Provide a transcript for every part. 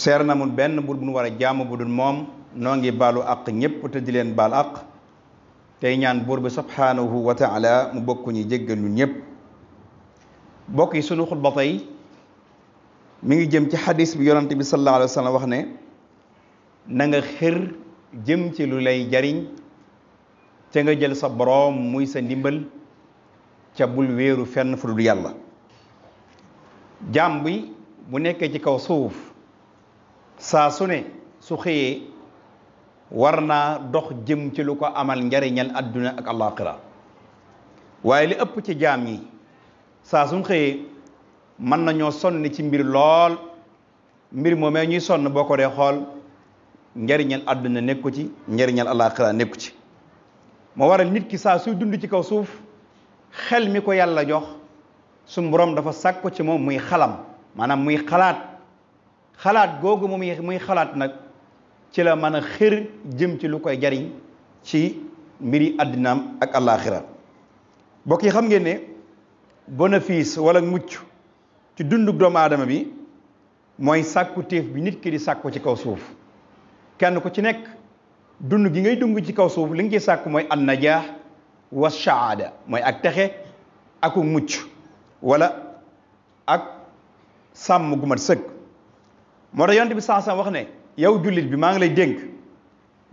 seer na mun benn bur bu nu war a jaamu bu dul moom noo ngi baalu àq ñépp te di leen baal àq tey ñaan buur bi subhaanahu wa taala mu bokku ñuy jéggal ñun ñépp bokk yi sunu xutba mu ngi jëm ci xadis bi yonante bi wax ne na nga jëm ci lu jariñ te nga jël sa boroom muy sa ndimbal ca bul wéeru fenn fu dul yàlla jaam bi bu nekkee ci kaw suuf saa su ne su xëyee war naa dox jëm ci lu ko amal njariñal adduna ak alaaxira waaye li ëpp ci jaam yi saa suñ xëyee mën nañoo sonn ci mbir lool mbir moomee ñuy sonn boo ko dee xool njariñal àdduna nekku ci njariñal alaaxira nekku ci moo waral nit saa suy dund ci kaw suuf xel mi ko yàlla jox su dafa sàkku ci moom muy xalam maanaam muy xalaat xalaat googu mu muy xalaat nag ci la mën a xër jëm ci lu koy jariñ ci mbiri àddinaam ak àllaaxira bokk yi xam ngeen ne bénéfice wala mucc ci dundu doomu aadama bi mooy sàkku téef bi nit ki di sàkku ci kaw suuf kenn ku ci nekk dund gi ngay dung ci kaw suuf li nga ciy sàkku mooy an najaax wa saada mooy ak texe aku mucc wala ak sàmm gu sëkk moo tax yonent bi saasam wax ne yow jullit bi maa ngi lay dénk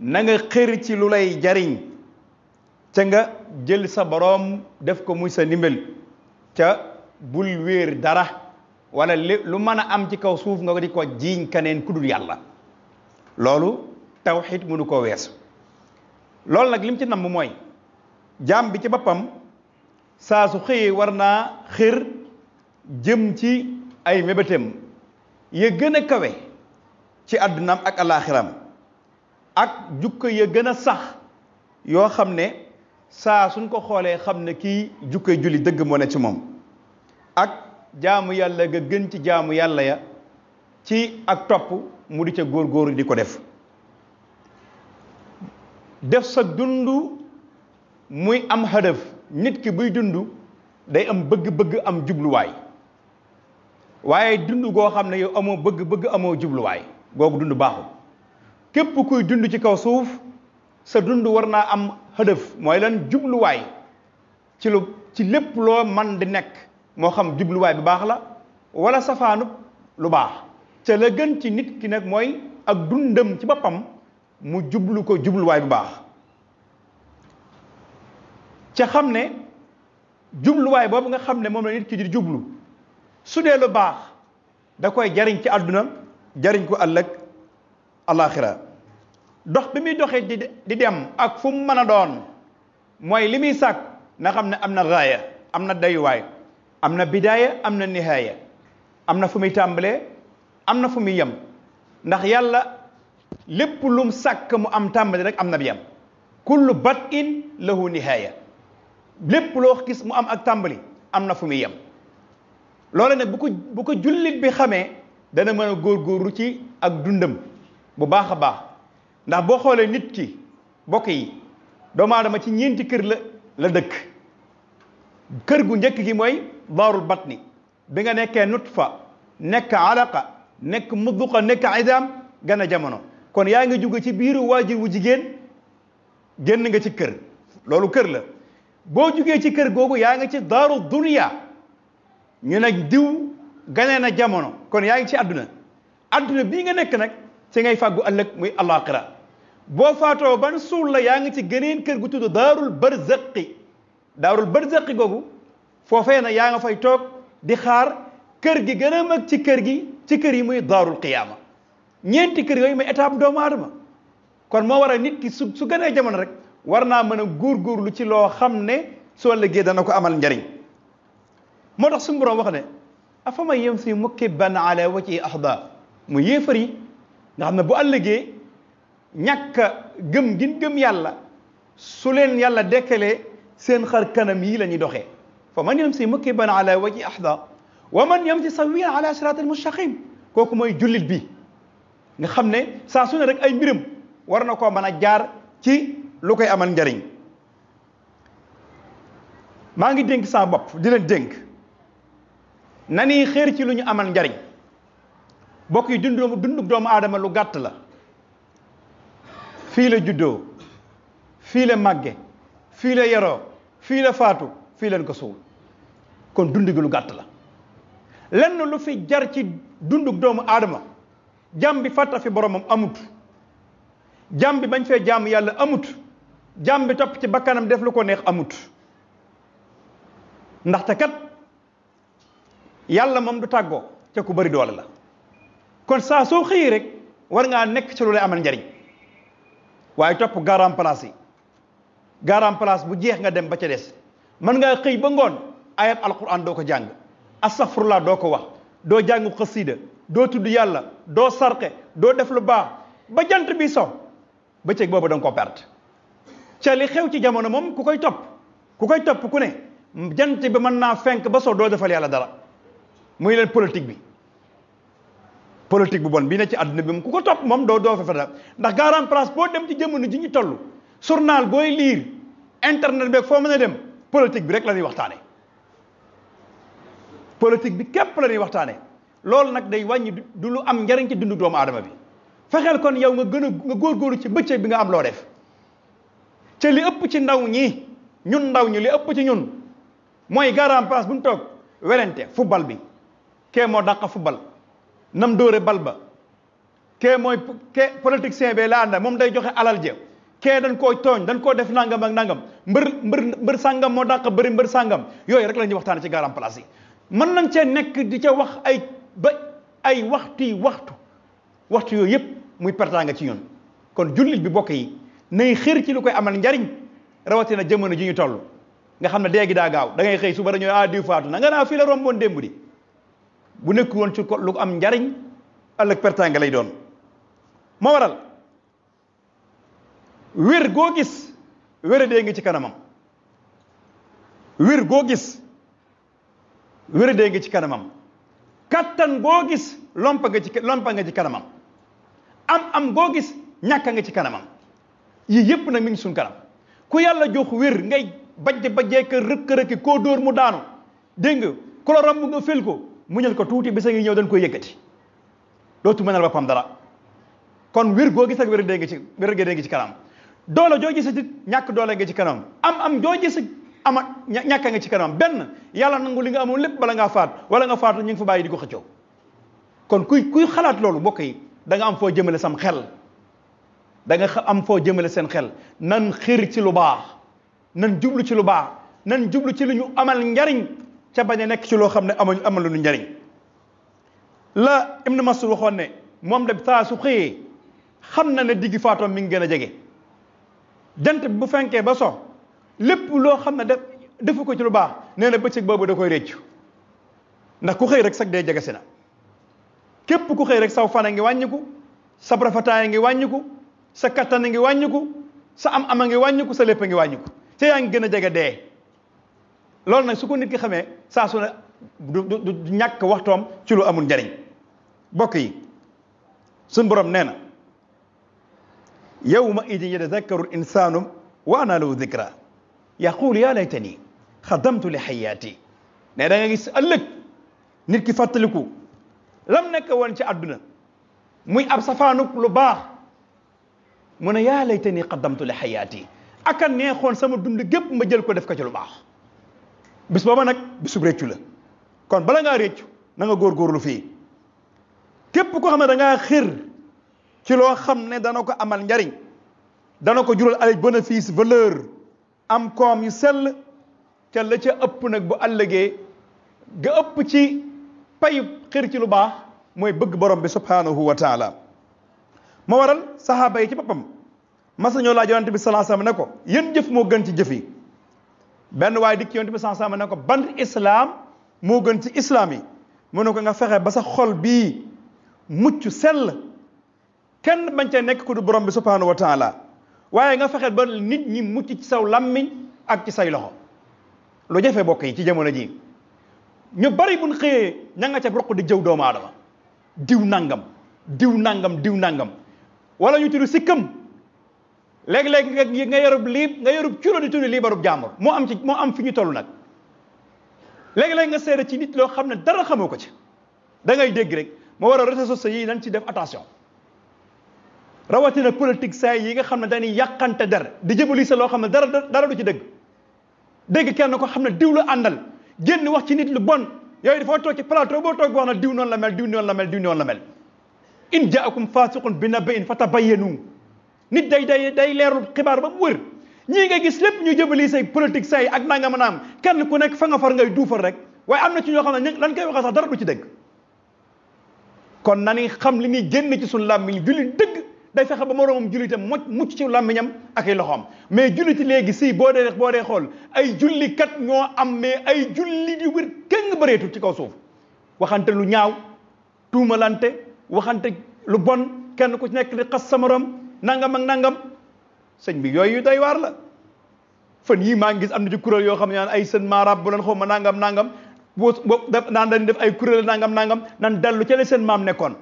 nanga nga xër ci lu lay jariñ ca nga jël sa boroom def ko muy sa ndimbal ca bul wéer dara walla lu mën a am ci kaw suuf nga ko di ko jiiñ keneen ku dul yàlla loolu tawxiid mënu koo wees loolu nag lim ci namm mooy jaam bi ci boppam saa su xëyee war naa xër jëm ci ay mébétam ya gën a kawe ci àddunaam ak alaaxiram ak jukka ya gën a sax yoo xam ne saa suñ ko xoolee xam ne kii jukkoy julli dëgg moo ne ci moom ak jaamu yàlla ga gën ci jaamu yàlla ya ci ak topp mu di ca góor góorgóorlu di ko def def sa dund muy am hadaf nit ki buy dund day am bëgg-bëgg am jubluwaay waaye dund goo xam ne yow amoo bëgg-bëgg amoo jubluwaay googu dund baaxul képp kuy dund ci kaw suuf sa dund war naa am hëdëf mooy lan jubluwaay ci lu ci lépp loo man di nekk moo xam jubluwaay bu baax la wala safaanub lu baax ca la gën ci nit ki nag mooy ak dundam ci boppam mu jublu ko jubluwaay bu baax ca xam ne jubluwaay boobu nga xam ne moom la nit ki di jublu su dee lu baax da koy jariñ ci àdduna jariñ ko ëllëg alaxira dox bi muy doxee di di dem ak fu mu mën a doon mooy li muy sàkk na xam ne am na raaya am na dayuwaay am na bidaaya am na nihaaya am na fu muy tàmbalee am na fu muy yem ndax yàlla lépp lum sàkk mu am tàmbali rek am na bi yem kullu bat in lahu nihaaya lépp loo gis mu am ak tàmbali am na fu muy yem loole nag bu ko bu ko jullit bi xamee dana mën a góorgóorlu ci ak dundam bu baax a baax ndax boo xoolee nit ki bokk yi doomu aadama ci ñeenti kër la la dëkk kër gu njëkk gi mooy daarul batni bi nga nekkee nutfa nekk alaqa nekk mudduqa nekk idam gën a jamono kon yaa ngi jóge ci biiru waajur wu jigéen génn nga ci kër loolu kër la boo jugee ci kër googu yaa ngi ci daaru dunya ñu ne diw ganee na jamono kon yaa ngi ci àdduna àdduna bii nga nekk nag ci ngay fàggu ëllëg muy alaaxira boo faatoo ban suul la yaa ngi ci gën geneen kër gu tudd daarul barzaqi daarul barzaqi googu foofee na yaa nga fay toog di xaar kër gi gën a mag ci kër gi ci kër yi muy daarul qiyaama ñeenti kër yooyu muy étape doomu aadama kon moo war a nit ki su su ganee jamono rek war naa mën a góorgóorlu ci loo xam ne soo liggéey dana ko amal njariñ moo tax suñu borom wax ne afa man yamsi mukibban ala wajhi ahda mu yéefar yi nga xam ne bu ëllëgee ñàkk gëm gin gëm yàlla su leen yàlla dekkalee seen xar kanam yii la ñuy doxee fa man yamsi mukibban ala wajhi ahda wa man yamsi sawiyan ala siraatil mustaqim kooku mooy jullit bi nga xam ne saa su ne rek ay mbiram war na koo mën a jaar ci lu koy amal njariñ maa ngi dénk saa bopp di leen dénk na ni xéer ci lu ñu amal njariñ bokk yi dundu dundu doomu aadama lu gàtt la fii la juddoo fii la màgge fii la yaroo fii la faatu fii la ko suul kon dund gi lu gàtt la lenn lu fi jar ci dundu doomu aadama jàmm bi fàtta fi boromam amut jàmm bi bañ fee jàmm yàlla amut jàmm tapp ci bakkanam def lu ko neex amut ndaxte kat yàlla moom du tàggoo ca ku bari doole la kon saa soo xëyee rek war ngaa nekk ci lu lay amal njariñ waaye topp garan place yi garan bu jeex nga dem ba ca des mën ngaa xëy ba ngoon ayat alquran doo ko jàng a laa doo ko wax doo jàng xasiida doo tudd yàlla doo sarxe doo def lu baax ba jant bi so ba cëg boobu da ko perte ca li xew ci jamono moom ku koy topp ku koy topp ku ne jant bi mën naa fenk ba soo doo defal yàlla dara muy leen politique bi politique bu bon bi ne ci àdduna bi mu ku ko topp moom doo doo fa da ndax garan place boo dem ci jamono ji ñu toll journal booy liir internet beeg foo mën a dem politique bi rek la ñuy waxtaane politique bi képp la ñuy waxtaane loolu nag day wàññi du lu am njariñ ci dundu doomu aadama bi fexeel kon yow nga gën a nga góorgóorlu ci bëccëg bi nga am loo def ca li ëpp ci ndaw ñi ñun ndaw ñi li ëpp ci ñun mooy garan place bu ñu toog werante football bi kee moo dàq football nam dóore bal ba kee mooy kee politicien bi la ànda moom day joxe alal je kee dañ koo tooñ dañ koo def nangam ak nangam mbër mbër mbër sàngam moo dàq bëri mbër sàngam yooyu rek la ñuy waxtaane ci garam place yi mën nañ cee nekk di ca wax ay ba ay waxtu waxtu waxtu yooyu yëpp muy pertaanga ci ñun kon jullit bi bokk yi nay xër ci lu koy amal njariñ rawatina jamono ji ñu toll nga xam ne dee daa gaaw da ngay xëy suba dañoo ah diw faatu na nga naa ah, fii la romboon démb di bu nekk woon ci ko lu am njariñ ëllëg pertaanga lay doon moo waral wér goo gis wéradee ngi ci kanamam wér goo gis wéradee ngi ci kanamam kattan goo gis lompa nga ci lompa nga ci kanamam am am goo gis ñàkka nga ci kanamam yii yépp nag mi ngi suñ kanam ku yàlla jox wér ngay bajj bajjee ka rëkk-rëkki koo dóor mu daanu dégg nga ku la romb nga fel ko mu muñal ko tuuti bisa ngi ñëw dañ koy yëkkati dootu mënal boppam dara kon wér goo gis ak wér dee ngi ci wér dee ngi ci kanam doole jooji sax it ñàkk doole nga ci kanam am am joo gis ama ñàkk nga ci kanam benn yàlla nangu li nga amoon lépp bala ngaa faat wala nga faatu ñu ngi fa bàyyi di ko xëccoo kon kuy kuy xalaat loolu mbokk yi da am foo jëmale sam xel da nga am foo jëmale seen xel nan xir ci lu baax nan jublu ci lu baax nan jublu ci lu ñu amal njariñ ca bañ a nekk ci loo xam ne amañu amaluñu njariñ la Ibn Mas'ud waxoon ne moom de saa su xëyee xam na ne diggi faatoom mi ngi gën a jege jant bi bu fenkee ba so lépp loo xam ne def defu ko ci lu baax nee na bëccëg boobu da koy réccu ndax ku xëy rek sax day jege si na képp ku xëy rek saw fan a ngi wàññiku sa rafetaay a ngi wàññiku sa kattan a ngi wàññiku sa am am a ngi wàññiku sa lépp a ngi wàññiku te yaa ngi gën a jege dee loolu nag su ko nit ki xamee saa su du du ñàkk waxtoom ci lu amul njariñ bokk yi suñ borom nee na yawma idin yatazakkaru l-insaanu wa anaa lahu dikra yaquulu yaa laytanii xadamtu li xayaati ne da nga gis ëllëg nit ki fàttaliku lam nekk woon ci àdduna muy ab safaanuk lu baax mu ne yaa laytanii xadamtu li xayaati aka neexoon sama dund gépp ma jël ko def ko ci lu baax bis booba nag bisub réccu la kon bala ngaa réccu na nga góorgóorlu fii képp koo xam ne danga ngaa xër ci loo xam ne dana ko amal njariñ dana ko jural ay bénéfice valeur am koom yu sell ca la ca ëpp nag bu àllëgee ga ëpp ci payub xër ci lu baax mooy bëgg borom bi subhanahu wa taala ma waral sahaaba yi ci boppam mas nañoo laaj bi sallallahu alayhi ne ko yéen jëf moo gën ci jëfi benn waaye dikk yonent bi sànq ne ko ban islam moo gën ci islam yi mu ne ko nga fexe ba sa xol bii mucc sell kenn bañ cee nekk ku du borom bi subhanahu wa taala waaye nga fexe ba nit ñi mucc ci saw làmmiñ ak ci say loxo lu jafe bokk yi ci jamono ji ñu bari buñ xëyee ña nga ca roq di jëw doomu aadama diw nangam diw nangam diw nangam wala ñu tudd sikkam léeg-léeg nga yorub lii nga yorub culo di tuddi liibarub jàmbur moo am ci moo am fi ñu tollu nag léeg-léeg nga seede ci nit loo xam ne dara xamoo ko ci da ngay dégg rek moo war a réseaux sociaux yi nañ ci def attention rawatina politique saa yi nga xam ne dañuy yàqante dara di jëmali sa loo xam ne dara dara du ci dëgg dégg kenn ko xam ne diw la àndal génn wax ci nit lu bon yooyu dafa toog ci plateau boo toog wax na diw noonu la mel diw noonu la mel diw noonu la mel in jaakum fasiqun bi naba'in fatabayyanu nit day day day leerul xibaar ba mu wër ñii nga gis lépp ñu jëbali say politique say ak nangam naam kenn ku nekk fa nga far ngay duufal rek waaye am na ci ñoo xam ne lan koy waxee sax dara du ci dëgg xam li ñuy génn ci suñu làmmiñ julli dëgg day fexe ba moroomam jullitam mo mucc ci làmmiñam ak ay loxoom mais julliti léegi si boo dee boo dee xool ay jullikat ñoo am mais ay julli di wér kenn bëreetul ci kaw suuf waxante lu ñaaw tuumalante waxante lu bon kenn ku ci nekk di xas sa moroom nangam ak nangam sëñ bi yooyu doy waar la fan yii maa ngi gis am na ci kuréel yoo xam ne naan ay sën maarab bu leen xaw ma nangam nangam boo boo naan dañ def ay kuréel nangam nangam nan dallu ca la seen maam nekkoon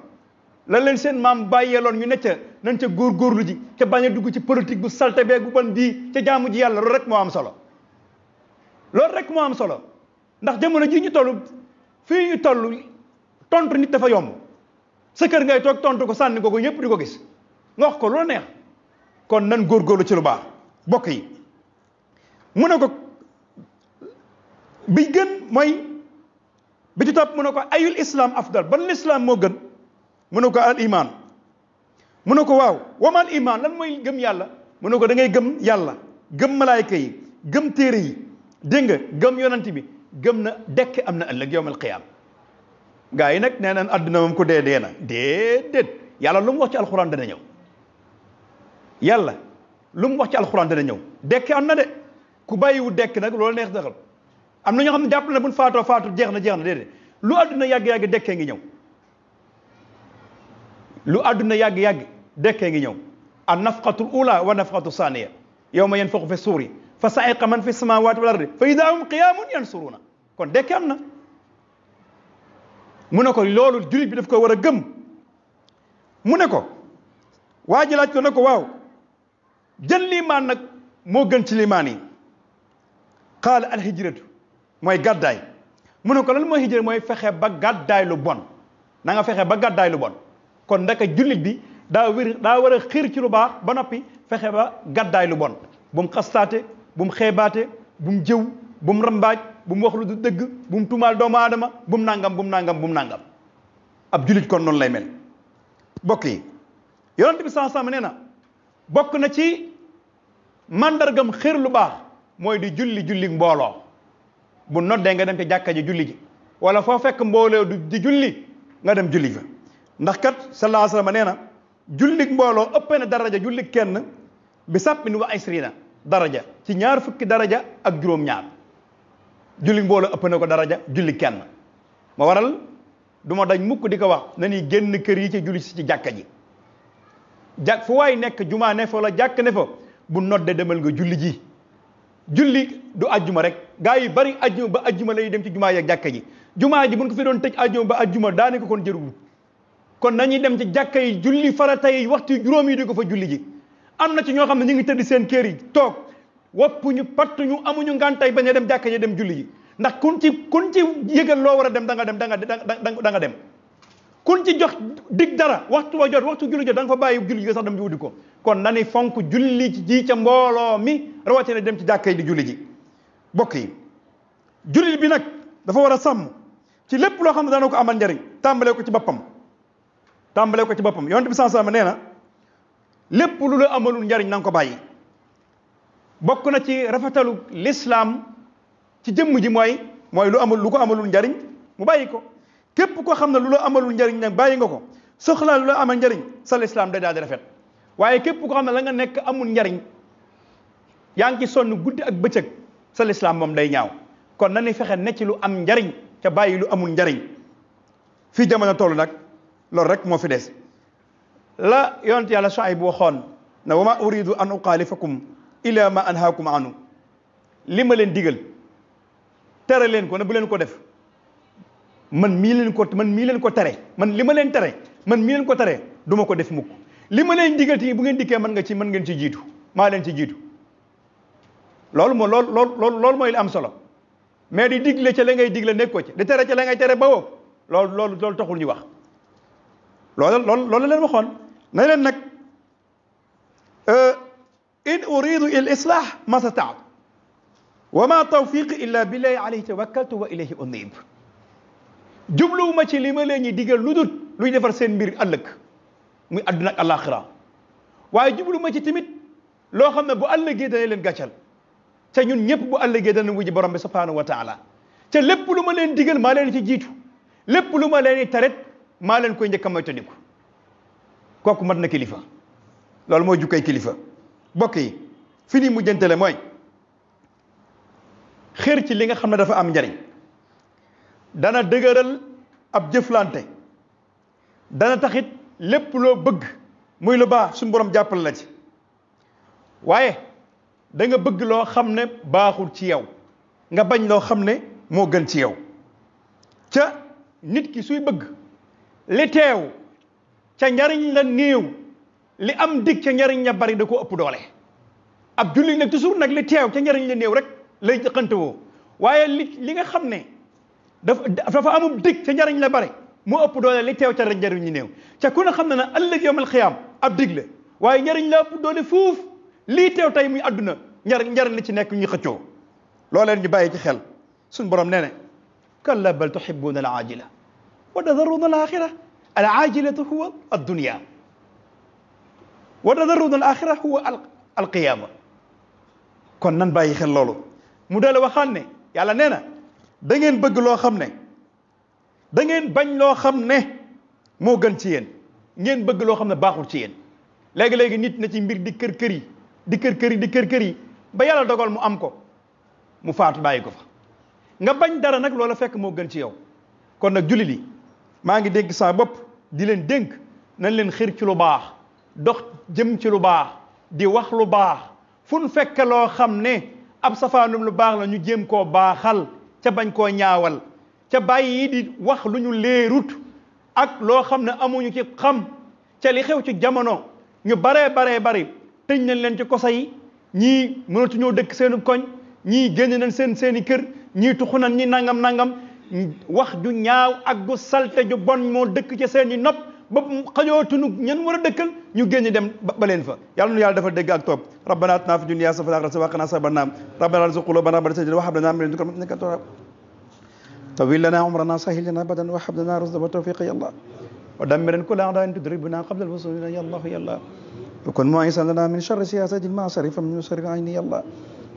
lan leen seen maam bàyyeeloon ñu ne ca nañ ca góorgóorlu ji ca bañ a dugg ci politique bu salte bee bu ban bii ca jaamu ji yàlla loolu rek moo am solo loolu rek moo am solo ndax jamono ji ñu tollu fii ñu toll tontu nit dafa yomb sa kër ngay toog tontu ko sànni ko ko ñëpp di ko gis nga wax ko la neex kon nan góor góorgóorlu ci lu baax bokk yi mu ne ko bi gën mooy bi ci topp mu ne ko ayul islam afdal ban islam moo gën mun ne ko al iman mu ne ko waaw wamal iman lan mooy gëm yàlla mun ne ko da ngay gëm yàlla gëm malaayka yi gëm téere yi dégg nga gëm yonanti bi gëm na dekk am na ëllëg yowmal qiyaam gaa yi nag nee nañ àdduna moom ko dee dee na déedéet yàlla lu mu wax ci alxuraan dana ñëw yàlla lu mu wax ci alxuraan dana ñëw dekki am na de ku bàyyiwu dekk nag loolu neex daxal am na ñoo xam ne jàpp na buñ faatoo faatu jeex na jeex na déedéet lu àdduna yàgg-yàgg dekkee ngi ñëw lu àdduna yàgg-yàgg dekke ngi ñëw an nafqatul ula wa nafqatu saniya yawma yanfaqu fi suuri fa sa'iqa man fi samawati wal ardi fa ida hum qiyaamun yansuruna kon dekke am na mu ne ko loolu jullit bi daf ko war a gëm mu ne ko waa ji laaj ko ne ko waaw jël liimaan nag moo gën ci liimaan yi qaala al hijratu mooy gàddaay mu ne ko lan mooy hijra mooy fexe ba gàddaay lu bon nanga fexe ba gàddaay lu bon kon ndaka jullit bi daa war a xiir ci lu baax ba noppi fexe ba gàddaay lu bon bu xastaate bu mu xeebaate bu mu jëw bu mu rambaaj bu mu wax lu du dëgg bum tumaal doomu aadama bu mu nangam bu mu nangam bu mu nangam ab jullit kon noonu lay mel bokk yi yonent bi sallallahu nee na bokk na ci mandargam xër lu baax mooy di julli julli mbooloo bu noddee nga dem ci jàkka ji julli ji wala foo fekk mbooloo di julli nga dem julli fa ndax kat sallallahu alayhi wasallam nee na jullik mbooloo ëppee na daraja jullik kenn bi sàppin wa isrina daraja ci ñaar fukki daraja ak juróom-ñaar jullik ëpp na ko daraja jullik kenn ma waral du dañ mukk di ko wax na ni génn kër yi ci julli ci jàkka ji jàkk fu waay nekk jumaa ne fa wala jàkk ne fa bu nodde demal nga julli ji julli du ajjuma rek gaa yi bari ajjuma ba ajjuma lay dem ci jumaa yeeg jàkka ji jumaa ji buñ ko fi doon tëj ajjuma ba ajjuma daanaka kon jëruwul kon nañuy dem ci jàkka yi julli farata yi waxtu juróom yi di ko fa julli ji am na ci ñoo xam ne ñu ngi tëdd seen kër yi toog woppuñu pattuñu amuñu ngàntay bañ a dem jàkka ji dem julli ji ndax kun ci kun ci yëgal loo war a dem da nga dem da nga da nga dem kun ci jox dig dara waxtu wa jot waxtu julli jot da nga fa bàyyi julli ji sax dem di wudi ko kon nani fonk julli ji ca mbooloo mi na dem ci jàkka yi di julli ji yi jullit bi nag dafa war a sàmm ci lépp loo xam ne dana ko amal njariñ tàmbalee ko ci boppam tàmbalee ko ci boppam yonent bi sansam nee na lépp lu la amalul njariñ na ko bàyyi bokk na ci rafetalu lislaam ci jëmm ji mooy mooy lu amul lu ko amalul njariñ mu bàyyi ko képp koo xam ne lu la amalul njariñ nag bàyyi nga ko soxlaa lu la amal njariñ sa lislaam day daal rafet waaye képp ko xam ne la nga nekk amul njariñ yaa ngi ci sonn guddi ak bëccëg sa lislaam moom day ñaaw kon na ni fexe ne ci lu am njariñ ca bàyyi lu amul njariñ fii jamono toll nag loolu rek moo fi des la yonent yàlla Shuayb bu waxoon na wa ma uridu an uxaalifakum ila ma anhaakum anu li leen digal tere leen ko ne bu leen ko def man mii leen ko man mii leen ko tere man li ma leen tere man mii leen ko tere duma ko def mukk li ma leen digal te bu ngeen dikkee mën nga ci mën ngeen ci jiitu maa leen ci jiitu loolu moo lool lool loolu mooy li am solo mais di digle ca la ngay digle nekk ci di tere ca la ngay tere bawoo lool loolu loolu taxul ñu wax loolu lool loolu leen waxoon na leen nag euh, in uridu il islah ma sataab wa ma tawfiqi illa billahi alayhi tawakkaltu wa ilayhi unib jubluwuma ci li ma leen ñi digal lu dul luy defar seen mbir ëllëg muy adduna ak àllaaxira waaye jublu ci tamit loo xam ne bu àllëgee dana leen gàccal te ñun ñëpp bu àllëgee dana wujji borom bi subhaanahu wa taala te lépp lu ma leen digal maa leen ci jiitu lépp lu ma leen taret maa leen koy njëkk a moytandiku kooku mat na kilifa loolu mooy jukkay kilifa bokk yi fi ni mujjantele mooy xër ci li nga xam ne dafa am njariñ dana dëgëral ab jëflante dana taxit lépp loo bëgg muy lu baax suñu borom jàppal la ci waaye danga bëgg loo xam ne baaxul ci yow nga bañ loo xam ne moo gën ci yow ca nit ki suy bëgg li teew ca njariñ la néew li am dig ca njariñ la bari da ko ëpp doole ab jullit nag toujours nag li teew ca njariñ la néew rek lay jëkkante woo waaye li li nga xam ne dafa dafa amub dig ca njariñ la bari moo ëpp doole li teew ca rek njariñ ñi néew ca ku ne xam ne ne ëllëg yawmal xiyaam ab digle waaye njariñ la ëpp doole fuuf lii teew tey muy àdduna njariñ njariñ li ci nekk ñu xëccoo looleen ñu bàyyi ci xel suñ borom nee ne kalla bal tuhibbuuna al aajila wa tadaruuna al axira al aajilatu huwa addunia wa tadaruuna al axira huwa al qiyaama kon nan bàyyi xel loolu mu dale waxaan ne yàlla nee na da ngeen bëgg loo xam ne da ngeen bañ loo xam ne moo gën ci yéen ngeen bëgg loo xam ne baaxul ci yéen léegi-léegi nit na ci mbir di kër kër yi di kër kër yi di kër kër yi ba yàlla dogal mu am ko mu faatu bàyyi ko fa nga bañ dara nag loola fekk moo gën ci yow kon nag julli li maa ngi dénk saa bopp di leen dénk na leen xir ci lu baax dox jëm ci lu baax di wax lu baax fu nu fekk loo xam ne ab safaanum lu baax la ñu jéem koo baaxal ca bañ koo ñaawal ca bàyyi yi di wax lu ñu leerut ak loo xam ne amuñu ci xam ca li xew ci jamono ñu baree baree bari tëj nañ leen ci kosa yi ñii mënatuñoo dëkk seen koñ ñii génn nañ seen seen i kër ñii tuxu nañ ñi nangam nangam wax ju ñaaw ak gu salte ju bon moo dëkk ci seen i nopp ba xajootuñu ñan war a dëkkal ñu génn dem ba fa yàlla nu yàlla dafa dégg ak topp rabbana atina fi dunya hasanatan wa qina azaban nar rabbana arzuq qulubana ba'da idh طويل لنا عمرنا سهل لنا أبدا وحب لنا رزق وتوفيق يا الله ودمر كل أعداء تدربنا قبل الوصول إلى يا الله يا الله وكن معيسا لنا من شر سياسة المعصر فمن يسر عيني يا الله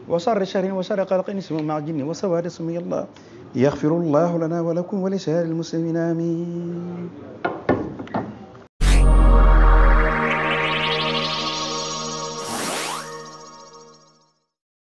وشر شر وشر قلق اسم مع جن وسواد اسم يا الله يغفر الله لنا ولكم ولسائر المسلمين آمين